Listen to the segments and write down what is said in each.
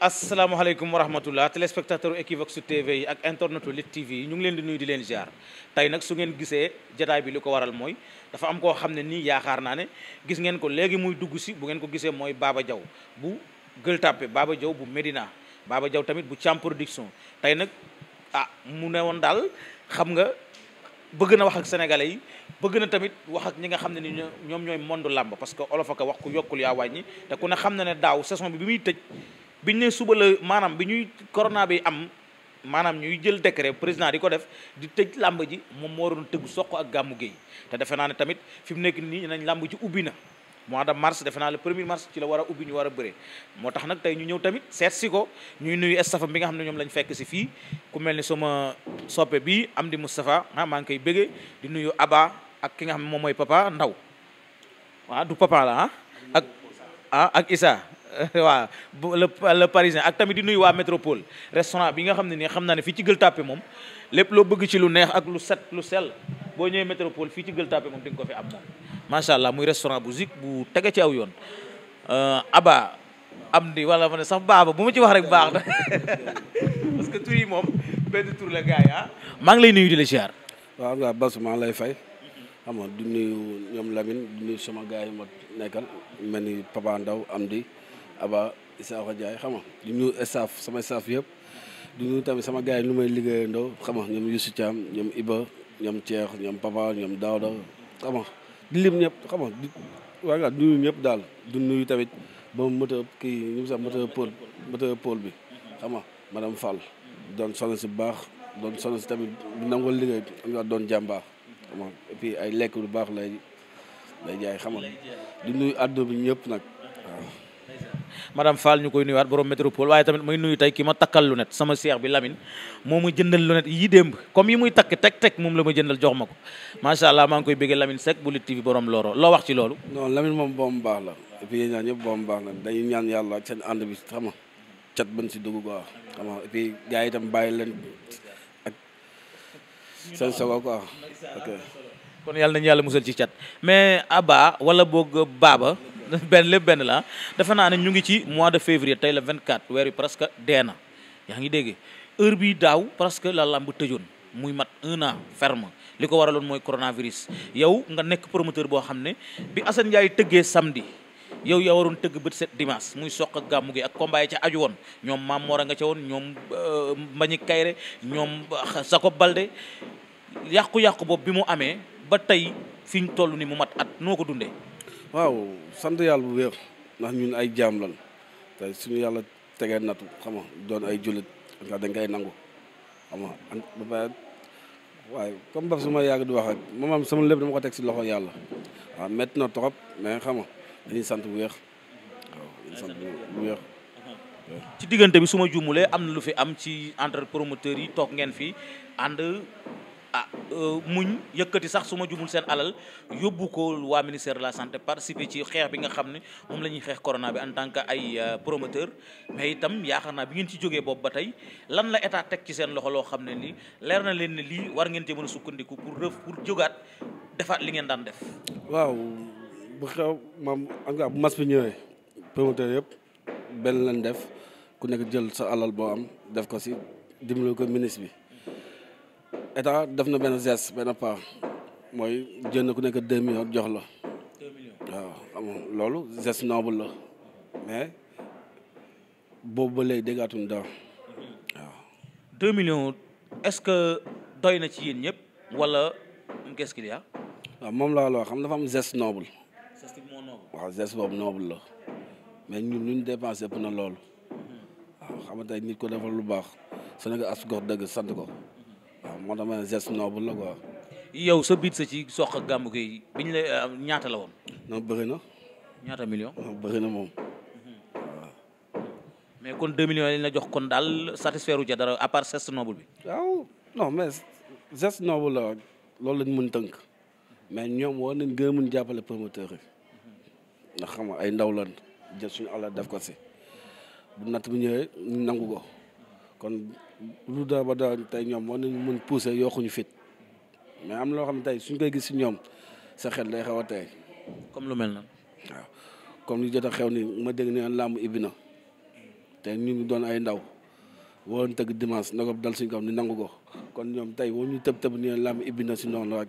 asalaamaaleykum wa rahmatullah téléspectateur Equivox TV yi ak internetu Lit TV yi ñu ngi leen di nuyu di leen ziar tey nag su ngeen gisee jataay bi li ko waral mooy dafa am koo xam ne nii yaakaar naa ne gis ngeen ko léegi muy dugg si bu ngeen ko gisee mooy baaba jaw bu gël Tapée baaba jaw bu Médina Baba jaw tamit bu Thiam Production tey nag ah mu ne woon daal xam nga bëgg na wax ak sénégalais yi bëgg na tamit wax ak ñi nga xam ne ni ñoom ñooy monde làmb parce que olof ak wax ku yokkul yaa wàññi te ku ne xam na ne daaw saison bi bi muy tëj biñ ne suba la maanaam bi ñuy corona bi am maanaam ñuy jël décret président di ko def di tëj làmb ji moom moo waroon tëgg soq ak gàmmu géey te defe naa ne tamit fi mu nekk nii nañ làmb ji ubbi na mois de mars defe naa le premier mars ci la war a ubbi ñu war a bëre moo tax nag tey ñu ñëw tamit seet si ko ñuy nuyu staffam bi nga xam ne ñoom lañ fekk si fii ku mel ni sama soppe bi am di Moustapha ah maa ngi koy bëggee di nuyu Aba ak ki nga xam ne moom mooy papa Ndaw waaw ah, du papa la ah, ah, ak Issa waaw le le parisien ak tamit di nuy waa métropole restaurant bi nga xam ne nii xam naa ne fii ci Gueule Tapée moom lépp loo bëgg ci lu neex ak lu set lu sel boo ñëwee métropole fii ci Gueule Tapée moom di nga ko fi am moom macha allah muy restaurant bu zik bu tege ci aw yoon euh, aba am di wala ma ne sax baaba bu ma ci wax rek baax na parce que tur yi moom benn tur la gars ah. maa ngi lay nuyu waaw maa lay fay xam nga du nuyu ñoom Lamine du nuyu sama gars yi ma nekkal mel ni Papa Ndaw am di Aba Isaaxa Jaay xam nga di nuyu sama staff yëpp di nuyu tamit sama gaa yi lu may liggéeyandoo xam nga ñoom Youssou Thiam ñoom Iba ñoom Ceex ñoom Papa ñoom Daawda xama nga lim ñëpp xam nga di ñëpp daal du nuyu tamit ba moteur kii ñu mu sax moteur pôle bi xam nga madame Fall doon sonn si baax doon sonn si tamit nangoo liggéey am nga doon jàmbaar ay lekk lu baax lay lay jaay xam nga nuyu àdduna bi ñëpp nag waaw madame Fall ñu koy nuyuwaat borom métropole waaye tamit may nuyu tey ki ma takkal lunette sama seex bi Lamine moo ma jëndal lunette yi démb comme yi muy takk teg teg moom la ma jëndal jox ma ko macha allah maa ngi koy béggee Lamine Seck bu Lutte TV borom looro loo wax ci loolu. non Lamine moom boom baax la et puis yéen ñaan ñëpp boom baax la dañuy ñaan yàlla ak seen ànd bi xam nga cat ban si dugg quoi xam nga et puis gars yi itam bàyyi leen ak seen sago quoi ok. kon yàlla nañu yàlla musal ci cat mais Aba wala boog Baba. benn lépp benn la defe naa ne ñu ngi ci mois de février tey la vingt 24 weer wi presque dee na yaa ngi dégg heure bi daaw presque la làmb tëjoon muy mat un an ferme li ko waraloon mooy coronavirus yow nga nekk promoteur boo xam ne bi Assane Ndiaye tëggee samedi yow yaa waroon tëgg bët set dimanche muy soq ak gàmmu gi ak combat yi ca aju woon ñoom Maam Mor a nga ca woon ñoom euh, Mbañi Kayre ñoom euh, Jacob Balde yàqu-yàqu boobu bi mu amee ba tey fi ñu toll ni mu mat at noo ko dundee waaw sant yàlla bu wéer ndax ñun ay jaam lan te suñu yàlla tegee natu xam nga doon ay jullit nga dañ koy nangu xam nga ba waaye comme ba suma yàgg di wax rek moom sama lépp dama teg si loxo yàlla waaw métti na trop mais xam nga dañuy sant bu wéer ci diggante bi suma ma am na lu fi am ci entre promoteurs yi toog ngeen fii ànd ah euh, muñ yëkkati sax su ma jumul seen alal yóbbu ko waa ministère de la santé participer ci xeex bi nga xam ne moom lañuy xeex corona bi en tant que ay euh, promoteur mais itam yaakaar naa bi ngeen ci jógee boobu ba tey lan la état teg ci seen loxo loo xam ne lii leer na leen ne lii war ngeen te mën sukkandiku pour ref pour jógaat defaat li ngeen daan def. waaw bu xew maam en tout bu mas bi ñëwee promoteur yëpp benn lañ def ku nekk jël sa alal boo am def ko si dimbali ko ministre bi. état def na benn geste benn paax mooy jënd ku nekk deux millions jox la. deux xam loolu geste noble la mais boobu ba léegi déggaatuñu daaw waaw. deux millions est-ce que doy na ci yéen ñëpp wala qu'est-ce qu'il y a. moom laa loo xam dafa am geste noble. geste moo noble waaw geste boobu noble la mais ñun lu ñu dépensé ëpp na loolu. Mhm. a xam nga tey nit ko defal lu baax su nekk as gox dëgg sant ko moo tax ma ne geste noble la quoi. yow sa biit sa ci soq ak gàmmu gi bi la euh, ñaata la woon. non bëri na. ñaata million. non na moom. Mm-hmm. mais kon 2 millions lañ la jox kon daal satisfaire wu ca dara à part geste noble bi. waaw non mais geste noble la loolu lañ mën tënk mais ñoom war nañ gën a mën jàppale promoteur yi ndax xam nga ay ndaw lan jël suñu àll def ko si bu natt bu ñëwee nangu ko. kon lu daaw ba daaw tey ñoom war nañu mën pousser yokkuñu fit mais am loo xam ne tey suñ koy gis si ñoom sa xel day xaw a tey. comme lu mel na waaw comme li jot a xew ni ma dégg ne làmb ibbi na te ñu ngi doon ay ndaw woon tëgg dimanche ndox dal suñ kaw ni nangu ko kon ñoom tey woo ñu tëb tëb ne làmb ibbi na si noonu la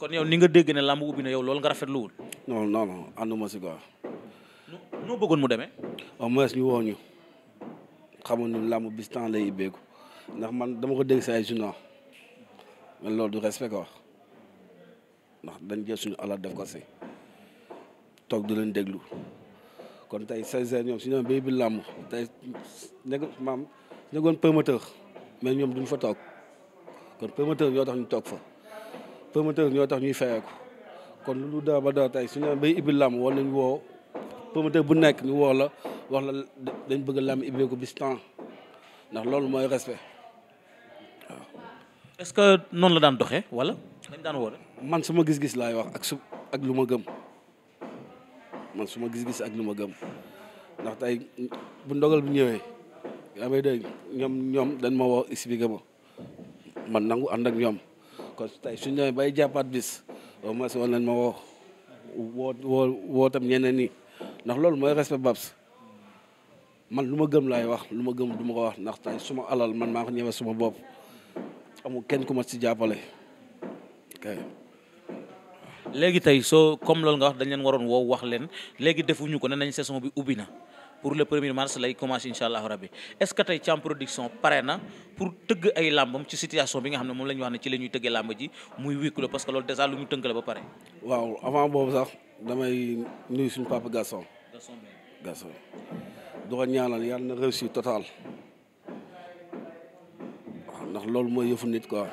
kon yow ni nga dégg ne làmb ubbi na yow loolu nga rafetluwul. non non non ànduma si quoi. noo bëggoon mu demee. au moins ñu woo xamoon ni làmb bis temps lay ibbeeku ndax man dama ko dégg si ay junior man loolu du respect wax ndax dañ jël suñu alal def ko si toog du leen déglu kon tey saisonnière ñoom su ñu doon béy bi làmb tey nekk maam nekkoon promoteur mais ñoom duñ fa toog kon promoteur ñoo tax ñu toog fa promoteur ñoo tax ñuy fayeeku kon lu daa ba daa tey su ñu doon béy ibil làmb wala ñu woo promoteur bu nekk ñu woo la. wax la dañ bëgg làmb ibbeeku bis temps ndax loolu mooy respect est-ce que noonu la daan doxee wala dañ daan woote. man suma gis-gis laay wax ak su ak lu ma gëm man suma gis-gis ak lu ma gëm ndax tey bu ndogal bu ñëwee yaa may dégg ñoom ñoom dañ ma woo expliqué ma man nangu ànd ak ñoom kon tey suñ ñëwee bay jàppaat bis au moins woon nañ ma woo woo woo woo tam ñeneen ñi ndax loolu mooy respect Babs. man lu ma gëm laay wax lu ma gëm du ma ko wax ndax tey suma alal man maa ko ñeme suma bopp amul kenn ku ma si jàppale léegi tey soo comme lool nga wax dañ leen waroon woo wax leen léegi defuñu ko ne nañ saison bi ubbi na pour le premier mars lay commencé incha allah rabi est-ce que tey Thiam production pare na pour tëgg ay làmbam ci situation bi nga xam ne moom la ñu wax ne ci la ñuy tëggee làmb ji muy huis clos parce que loolu déjà lu ñu tënk la pare. waaw avant boobu sax damay nuyu suñu papa Gasson du ko ñaanal yàlla na réussite totale ndax loolu mooy yëfu nit quoi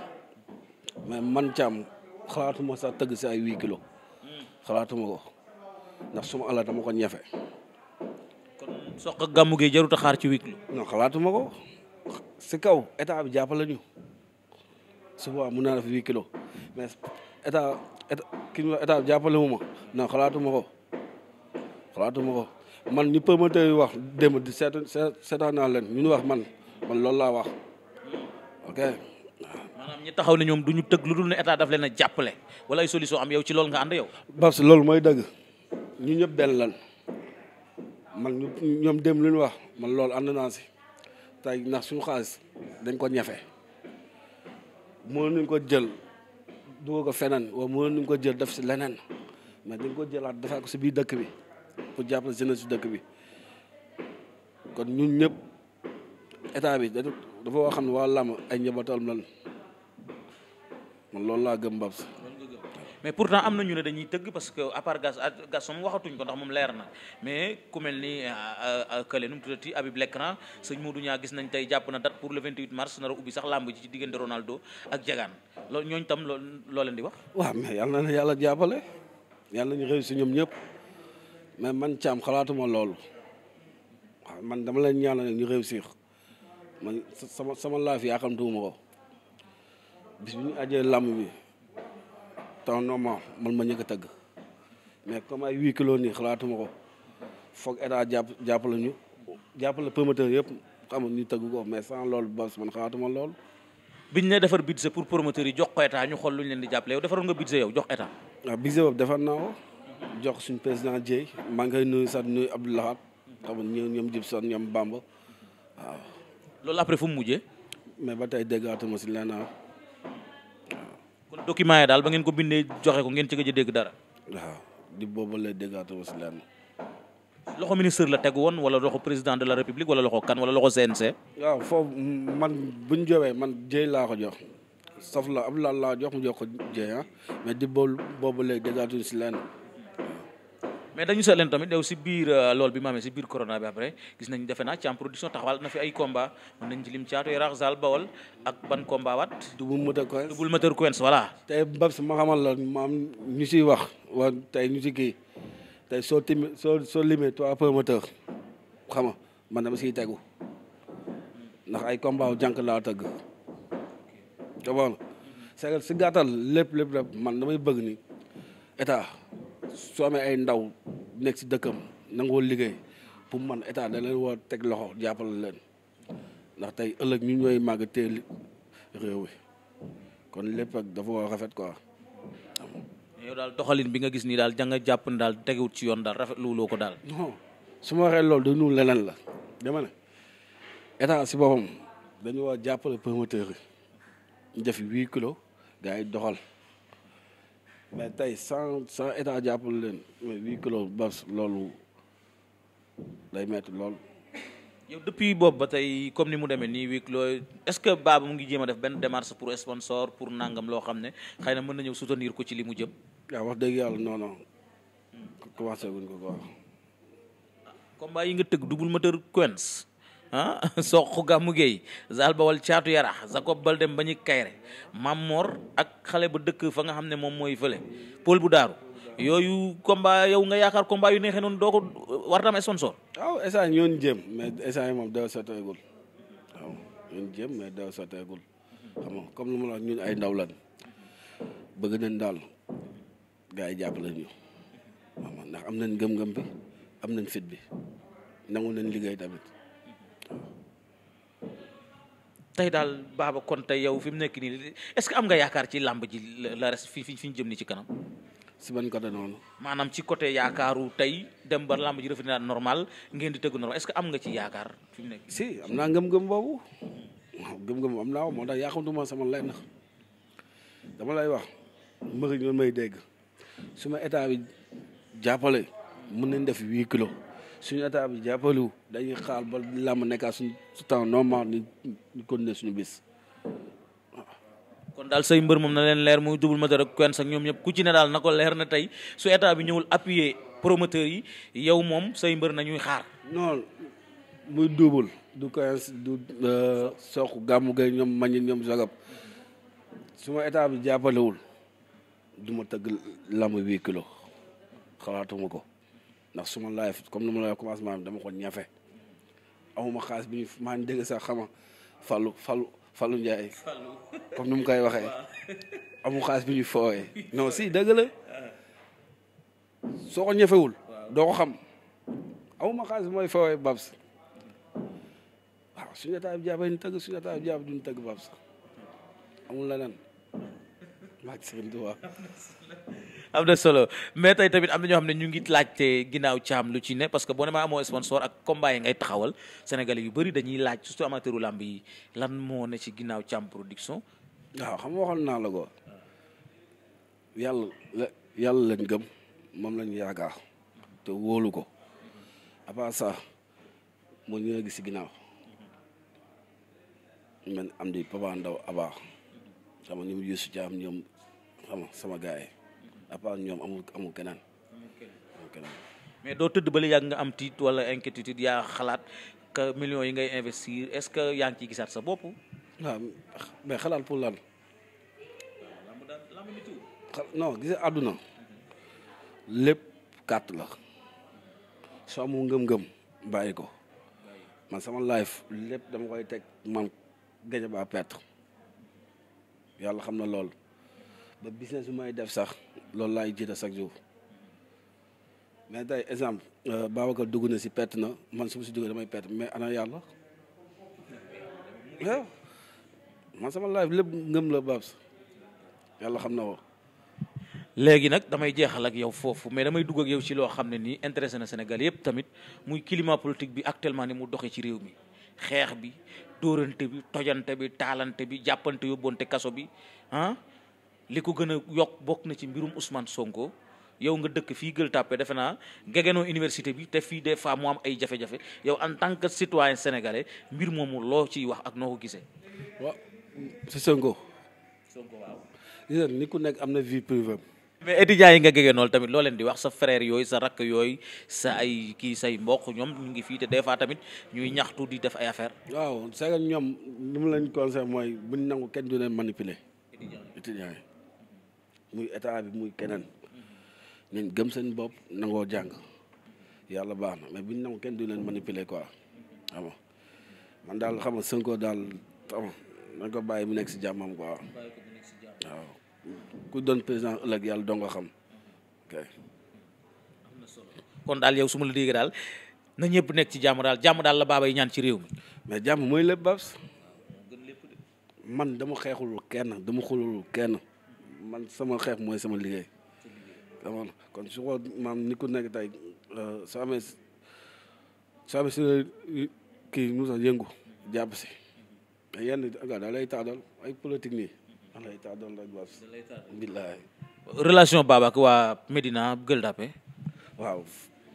mais man caam xalaatuma sax tëgg si ay kilo kilos xalaatuma ko ndax suma ala dama ko ñefe. kon soq ak gàmmu gi xaar ci huit kilos. non xalaatuma ko si kaw état bi jàppale ñu suba mun naa def huit kilos mais état état ki ñu état ma ko xalaatuma ko. man ñu promoteur yi wax démb di seet seetaan naa leen ñu ñu wax man man loolu laa wax ok. maanaam ñi taxaw ne ñoom du ñu tëgg lu dul ne état daf leen a jàppale wala ay solution am yow ci loolu nga ànd yow. parce que loolu mooy dëgg ñu ñëpp benn lan man ñu ñoom dem lu ñu wax man loolu ànd naa si tey ndax suñu xaalis dañ ko ñafe mënoon nañ ko jël dugal ko feneen wala mënoon nañ ko jël def si leneen mais dañ ko jëlaat defal ko si biir dëkk bi. pour jàppale jeunesse su dëkk bi kon ñun ñëpp état bi dafa wax xam ne waa làmb ay njabootam lan man loolu laa gëm Babs. mais pourtant am na ñu ne dañuy tëgg parce que à part gas gas moom waxatuñ ko ndax moom leer na mais ku mel ni euh, euh, euh, kële nu mu tuddati Habib Lecran sëñ Modou ñaa gis nañ tey jàpp na date pour le 28 mars nar a ubbi sax làmb ji ci diggante Ronaldo ak Diegane loolu ñooñu tam loo loo leen di wax. waaw mais yal na yàlla jàppale yal nañu réussir ñoom ñëpp. mais man Thiam xalaatuma loolu waaw man dama leen ñaanal rek ñu réussir man sama sama laaf yaakamtuwuma ko bis bi ñu ajee làmb bi temps normal man ma ñëkk a tëgg mais comme ay huit kilos nii xalaatuma ko foog état jàpp jàppale ñu jàppale promoteur yëpp xam ñu tëgg ko mais sans loolu bas man xalaatuma loolu biñ ne defar budget pour promoteur yi jox ko ñu xool lu ñu leen di jàppale yow defaroon nga budget yow jox état waaw ah, budget boobu defar naa ko jox suñu président Dieye maa ngi koy nuyu sax di nuyu Abdou Lahad xam nga ñoom ñoom Gibson ñoom Bamba waaw. loolu après fu mu mujjee. mais ba tey déggaatuma si lenn waaw. document yi daal ba ngeen ko bindee joxe ko ngeen ci gëj dégg dara. waaw di boobu lay déggaatuma si lenn. loxo ministre la teg woon wala loxo président de la république wala loxo kan wala loxo CNC. waaw foofu man bu ñu man Dieye laa ko jox. saf la Abdoulaye laa jox mu jox ko Dieye ah. mais di si lenn. mais ñu seet leen tamit yow si biir euh, lool bi ma si biir corona bi après gis nañ defe naa ci am production taxawal na fi ay combat mën nañ ci lim caatu yaraax zal bawol ak ban combat waat double moteur coins double moteur coins voilà tey Babs ma xamal la maam ñu siy wax wa tey ñu si kii tey soo timi soo soo limee trois promoteur xam nga man dama siy tegu ndax ay combat jànk laa tëgg te bon si gàttal lépp lép lépp man damay bëgg ni état soo amee ay ndaw nekk si dëkkam nangoo liggéey pour man état da leen war teg loxo jàppale leen ndax tey ëllëg ñu ñooy màgg teel réew mi kon lépp ak dafa war rafet quoi. yow daal doxalin bi nga gis nii daal janga jàpp ne daal tegewut ci yoon daal rafetlu loo ko daal. non su ma waxee lool dañu leneen la dama ne état si boppam dañu war a jàppale yi def huit kilos gars doxal. mais tey sans sans état jàppale leen mais kilo clos bas loolu day metti lool. yow depuis boobu ba tey comme ni mu demee nii huis clos est-ce que Baba mu ngi jéem a def benn démarche pour sponsor pour nangam loo xam ne xëy na mën na ñëw soutenir ko ci li mu jëm. yaa wax dëgg yàlla non non commencé wuñ ko quoi. combat yi nga tëgg double moteur Quench. ah soq gàmmu géey zaal bawal caatu yarax Jacob Baldé Mbagnick Kaïré Mamor ak xale bu dëkk fa nga xam ne moom mooy fële pol bu daaru yooyu combat yow nga yaakaar combat yu neexee noonu doo ko war na am sponsor. waaw instant ñoo ñu mais instant moom daw sotteegul waaw comme lu ma la ñun ay ndaw lañ bëgg nañ daal gars yi jàppale ñu ndax am nañ gëm-gëm bi am nañ fit bi nangu nañ liggéey tamit. tey daal baaba kon tey yow fi mu nekk nii est-ce que am nga yaakaar ci làmb ji la res fi fi ñu jëm ni ci kanam. si bañ côté noonu. maanaam ci côté yaakaaru tey dem ba làmb ji rafet na normal ngeen di tëgg normal est-ce que am ci yaakaar fi mu nekk. si am naa ngëm-ngëm boobu waaw ngëm-ngëm am naa ko moo tax yaakamtuma sama lay dama lay wax mbëri ñu may dégg su ma état bi jàppale mën nañ def huit kilos. suñu état bi jàppaliwu dañuy xaar ba làmb nekkaat suñu temps normal ni suñu bis kon daal say mbër moom na leen leer muy Double Moteur ak Quench ak ñoom ñëpp ku ci ne daal na ko leer na tey su état bi ñëwul appuyer promoteur yi yow moom say mbër nañuy xaar non muy Double du Quench du euh, soq gàmmu gay ñoom mañin ñoom jagab su ma état bi jàppalewul du tëgg làmb huit kilo xalaatuma ko ndax su ma live comme lu ma la commencement bi dama ko ñafe amuma xaalis bi ñu maa ngi dégg sax xama Fallou Fallou Fallou Ndiaye comme ni mu koy waxee amu xaalis bi ñuy fooyee non si dëgg la soo ko ñëfewul doo ko xam amuma xaalis bi mooy fooyee Babs waaw suñu état bi jaabee ñu tëgg suñu état duñu tëgg Babs amul leneen maa ngi sëñ am na solo mais tey tamit am na ñoo xam ne ñu ngi laajte ginnaaw caam lu ci ne parce que boo ne maa amoo sponsor ak combat yi ngay taxawal sénégalais yu bëri dañuy laaj surtout amateuru làmb yi lan moo ne ci ginnaaw caam production. waaw xam nga waxoon naa la ko yàlla la yàlla lañ gëm moom lañu yaakaar te wóolu ko à part ça mooy ñu nga gis si ginnaaw man am di Papa Ndaw Aba xam nga ñoom Youssou Thiam ñoom xam sama gars yi à ñoom amul amul keneen. mais doo tëdd ba la yàgg nga am tiit wala inquiétude yaa xalaat que millions yi ngay investir est-ce que yaa ngi ciy gisaat sa bopp. waaw mais xalaat pour lan. non gis àdduna lépp kàtt la soo amul ngëm-ngëm bàyyi ko man sama life lépp dama koy teg man gëj perte yàlla xam na lool. ba business bu may def sax loolu laay jiite chaque jour mais day exemple euh, Babacar dugg na si perte na man su si dugg damay perte mais ana yàlla waaw man sama life lépp ngëm la Babs yàlla xam na ko. léegi nag damay jeexal ak yow foofu mais damay dugg ak yow ci loo xam ne nii intéressé na Sénégal yëpp tamit muy climat politique bi actuellement ni mu doxee ci réew mi xeex bi dóorante bi tojante bi taalante bi jàppante yóbbonte kaso bi ah li ko gën a yokk bokk na ci mbirum Ousmane Sonko yow nga dëkk fii Gueule Tapée defe naa gegenoo université bi te fii des fois mu am ay jafe-jafe yow en tant que citoyen sénégalais mbir moomu loo ciy wax ak noo ko gisee. waaw si ni ku nekk am na vie privée. mais étudiants yi nga gegenool tamit loo leen di wax sa frère yooyu sa rakk yooyu sa ay kii say mbokk ñoom ñu ngi fii te des fois tamit ñuy ñaxtu di def ay affaire waaw sa que ñoom li mu leen conseil mooy buñ nangu kenn du leen manipuler. muy état bi muy keneen nañ gëm seen bopp nangoo jàng yàlla baax na mais buñ nangu kenn du leen manipuler quoi xam nga man daal xam nga Sonko daal xam nga nañ ko bàyyi mu nekk si jàmmam quoi waaw ku président ëllëg yàlla doo nga xam kon daal yow su ma la déggee daal na ñëpp nekk ci jàmm daal jàmm daal la baaba yi ñaan ci réew mi. mais jàmm mooy lépp Babs man dama xeexul kenn dama xulul kenn. man sama xeex mooy sama liggéey. kon su ko maam ni ku nekk tey euh, soo amee soo si kii nu yëngu jàpp si. mais yenn ay politique nii da lay taadal rek bas. da lay relation Baba ak waa Medina Gueule waaw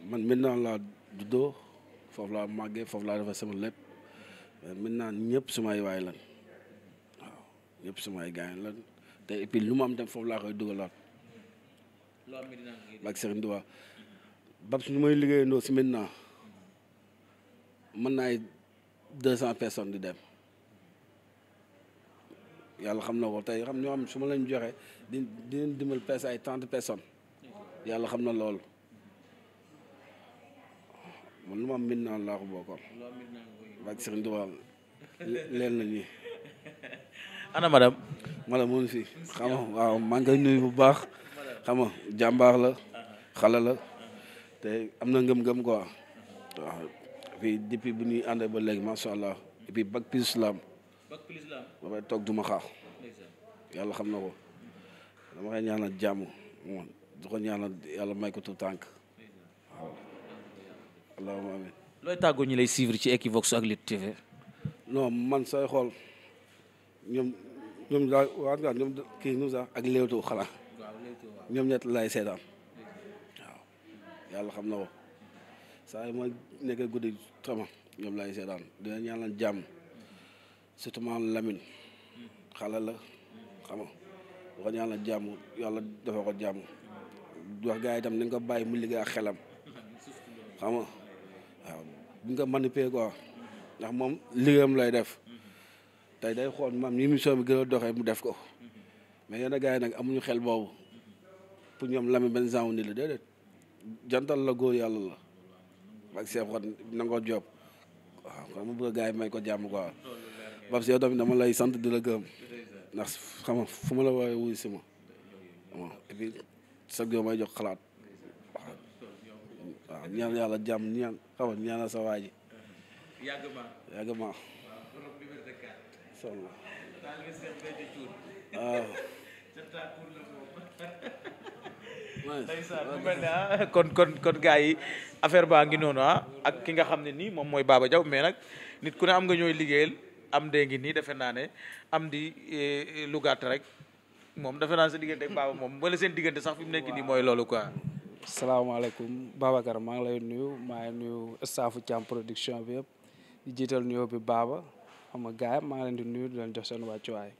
man maintenant laa juddoo foofu laa màggee foofu laa defee sama lépp maintenant ñëpp sumay waay lan waaw ñëpp sumay lan. te et puis lu mu am dem foofu laa koy dugalaat. loolu mi dina am ak Serigne Touba Babs ñu may liggéeyandoo si maintenant mën naa ay deux cent personnes di dem yàlla xam na ko tey xam ñoo xam su ma leen joxe di di leen dimbal peese ay trente personnes yàlla xam na lool man lu ma am maintenant laa ko bokkoon. ak Serigne Touba leer na ñi. mala moo ngi fi xam nga bu baax xam nga jàmbaar la xale la te am na ngëm-ngëm quoi waaw bu ñuy àndee ba léegi macha allah et puis bac plus may yàlla xam na ko dama koy ñaanal jàmm moom yàlla may tànk waaw allahumma amin looy tàggoo ñu lay suivre ci Equivox ak Lutte TV non man say xool ñoom ñoom daal waaw ñoom kii nu sax ak Leewtoo xanaa ñoom ñett laay seetaan waaw yàlla xam na ko saa yi ma nekkee guddi tama ñoom laay seetaan dina ñaanal jàmm surtout maanaam Lamine xale la xam nga wax ñaanal jàmm yàlla dafa ko jàmm wax gars yi itam nañ ko bàyyi mu liggéey ak xelam xam waaw bu ñu ko manipuler quoi ndax moom liggéeyam lay def. tey day xool maam ni mission gën a doxee mu def ko mais yenn gars yi nag amuñu xel boobu pour ñoom Lamine benn genre ni la déedéet jantal la góor yàlla la ak Cheikh Xon nangoo job waaw kon mu bëgg gars yi may ko jàmm quoi Babs yow tamit dama lay sant di la gërëm ndax xam nga fu ma la woowee wuyu si ma waaw et puis sa góor may jox xalaat waaw waaw ñaan yàlla jàmm ñaan xaw ma ma. sonn ah, kon kon gaa yi affaire baa ngi noonu ah ak ki nga xam ne nii moom mooy Baba Diaw mais nag nit ku ne am nga ñooy liggéeyal am dee ngi nii defe naa ne am di eh, eh, lu gàtt rek moom defe naa sa diggante ak moom wala seen diggante sax fi mu nekk nii mooy loolu quoi. salaamaaleykum Babacar maa ngi lay nuyu maa ngi nuyu staffu Thiam production bi yëpp di jiital nuyoo bi Baba. xam nga gars yi maa ngi leen di nuyu di leen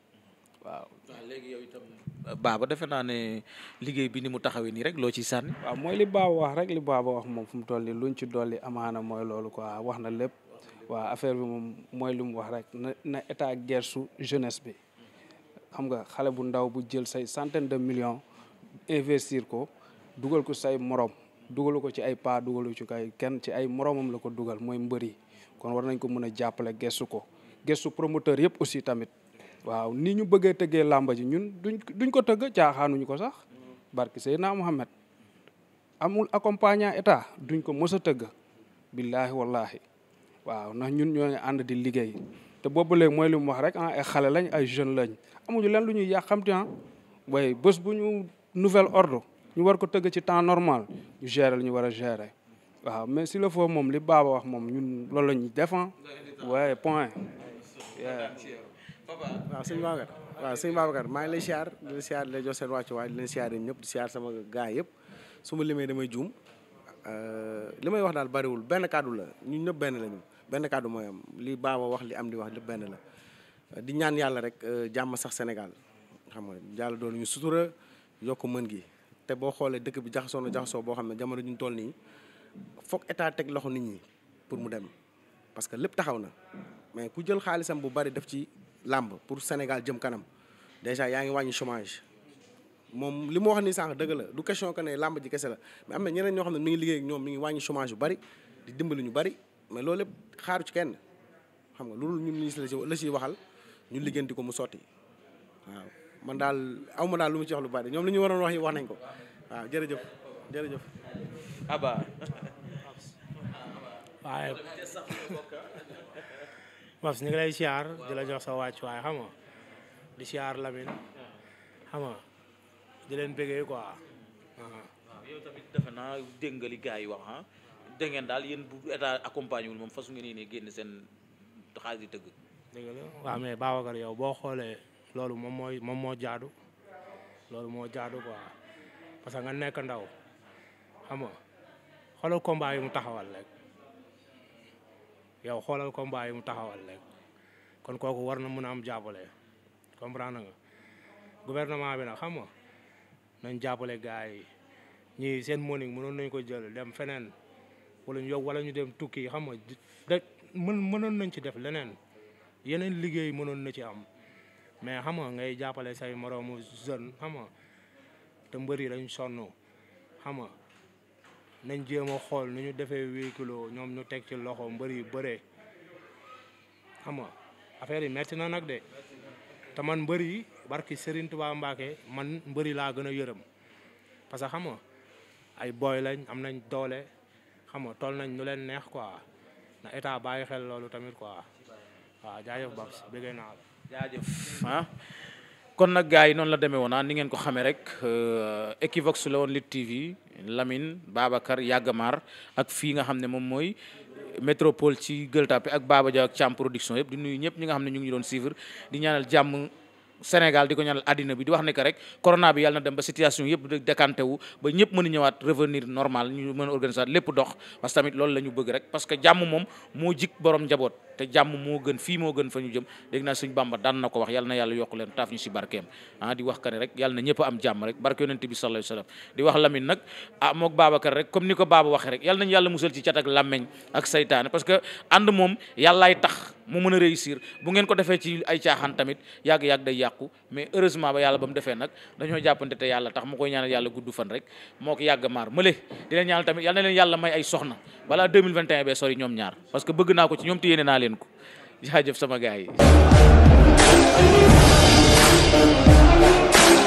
baaba defe naa ne liggéey bi ni mu taxawee nii rek loo ciy sànni. mooy li baaba wax rek li baaba wax moom fu mu toll nii luñ ci dolli amaana mooy loolu quoi wax na lépp waaw affaire bi moom mooy li mu wax rek na na état gersu bi xam nga xale bu ndaw bu jël say centaine de millions investir ko dugal ko say morom. dugalu ko ci ay pas dugalu ci kay kenn ci ay moroomam la ko dugal mooy mbër kon war nañ ko mën a jàppale gestu ko gëstu promoteur yëpp aussi tamit waaw ni ñu bëggee tëggee làmba ji ñun duñ duñ ko tëgg caaxaanuñu ko sax barki Seydina Mohamed amul accompagnant état duñ ko mës a tëgg billaahi wallaahi waaw ndax ñun ñooy ànd di liggéey te boobu léegi mooy li mu wax rek a ah, ay xale lañ ay jeunes lañ amuñu leen lu ñuy yàqamti ah way bës bu ñu nouvelle ordre ñu war ko tëgg ci temps normal ñu gérer ñu war a gérer waaw mais si le faut moom li baaba wax moom ñun loolu la ñuy def ah. waaw sëñ Babacar waa sëñ Babacar maa ngi lay siyaar di la siyaar di jox seen wàccuwaay di leen siyaar yi ñëpp di siyaar sama gaa yëpp su ma limee damay juum euh, li may wax daal bariwul benn kàddu la ñu ñëpp benn la ñu benn kàddu mooy am li baaba wax li am di wax lépp benn la euh, di ñaan yàlla rek euh, jàmm sax Sénégal xam nga yàlla doon ñu sutura yokk mën gi te boo xoolee dëkk bi jaxasoo na jaxasoo boo xam ne jamono ñu toll nii foog état teg loxo nit ñi pour mu dem parce que lépp taxaw na mais ku jël xaalisam bu bari def ci làmb pour Sénégal jëm kanam déjà yaa ngi wàññi chômage moom li mu wax ni sànq dëgg la du question que ne làmb ji kese la mais am na ñeneen ñoo xam ne mi ngi liggéey ak ñoom mi ngi wàññi chômage bu bari di dimbali ñu bari mais loolu lépp xaaru ci kenn xam nga loolu ñun ñu la siy waxal ñu liggéenti ko mu sotti waaw man daal aw ma daal lu mu ci wax lu bari ñoom li ñu waroon wax yi wax nañ ko waaw jërëjëf jërëjëf. Aba. Mabs ñu nga lay siyaar di la jox sa wàccuwaay xam nga di siyaar Lamine xam nga di leen bëggee quoi. waaw yow defe naa dégg nga li gars yi wax ah daal yéen bu état accompagné wul moom fasu ngeen ne génn seen xaalis di tëgg. dëgg la waaw mais Babacar yow boo xoolee loolu moom moom moo jaadu loolu moo jaadu quoi parce que nga nekk ndaw xam nga xoolal mu taxawal rek. yow xoolal combat yi mu taxawal rek kon kooku war na mun a am jàppale comprendre nga gouvernement bi nag xam nga nañ jàppale gars yi ñii seen morning mënoon nañ ko jël dem feneen wala ñu yokk wala ñu dem tukki xam nga de mënoon nañ ci def leneen yeneen liggéey mënoon na ci am mais xam nga ngay jàppale say moroomu jeune xam nga te mbër yi dañ sonn nañ jéem xool nu ñu defee huit kilos ñoom ñu teg ci loxo mbër yi bëree xam nga affaire yi metti na nag de te man mbër yi barki Serigne Touba Mbacke man mbari yi laa gën a yërëm parce que xam nga ay booy lañ am nañ doole xam nga toll nañ nu leen neex quoi na état bàyyi xel loolu tamit quoi waaw jaajëf Babs bëggee naa la. jaajëf ah. kon nag gars yi noonu la demee woon ah, ni ngeen ko xamee rek euh, Equivox la woon Lutte TV. Lamine Babacar Yàggamaar ak fii nga xam ne moom mooy métropole ci Gueule Tapée ak Baba Dia ak Thiam production yëpp di nuyu ñëpp ñu nga xam ne ñu ngi doon suivre di ñaanal jàmm Sénégal di ko ñaanal àddina bi di wax ne que rek corona bi yàlla na dem ba situation yëpp décanté wu ba ñëpp mën a ñëwaat revenir normal ñu mën a organiser lépp dox parce que tamit loolu la ñu bëgg rek parce que jàmm moom moo jik borom njaboot. te jàmm moo gën fii moo gën fa ñu jëm dégg naa suñ bàmba daan na ko wax yàlla na yàlla yokk leen taaf ñu si barkeem ah di wax ka rek yàlla na ñëpp ah, yàlla musal ci cat làmmeñ ak saytaane parce que ànd moom yàllaay tax mu mën a réussir bu ngeen ko defee ci ay caaxaan tamit yàgg-yàgg day yàqu mais heureusement ba yàlla ba mu defee nag dañoo jàppante te yàlla tax ma koy ñaanal yàlla gudd fan rek moo ko yàgg maar mële di leen ñaanal tamit yàlla na leen yàlla leen ko jaajëf sama gars yi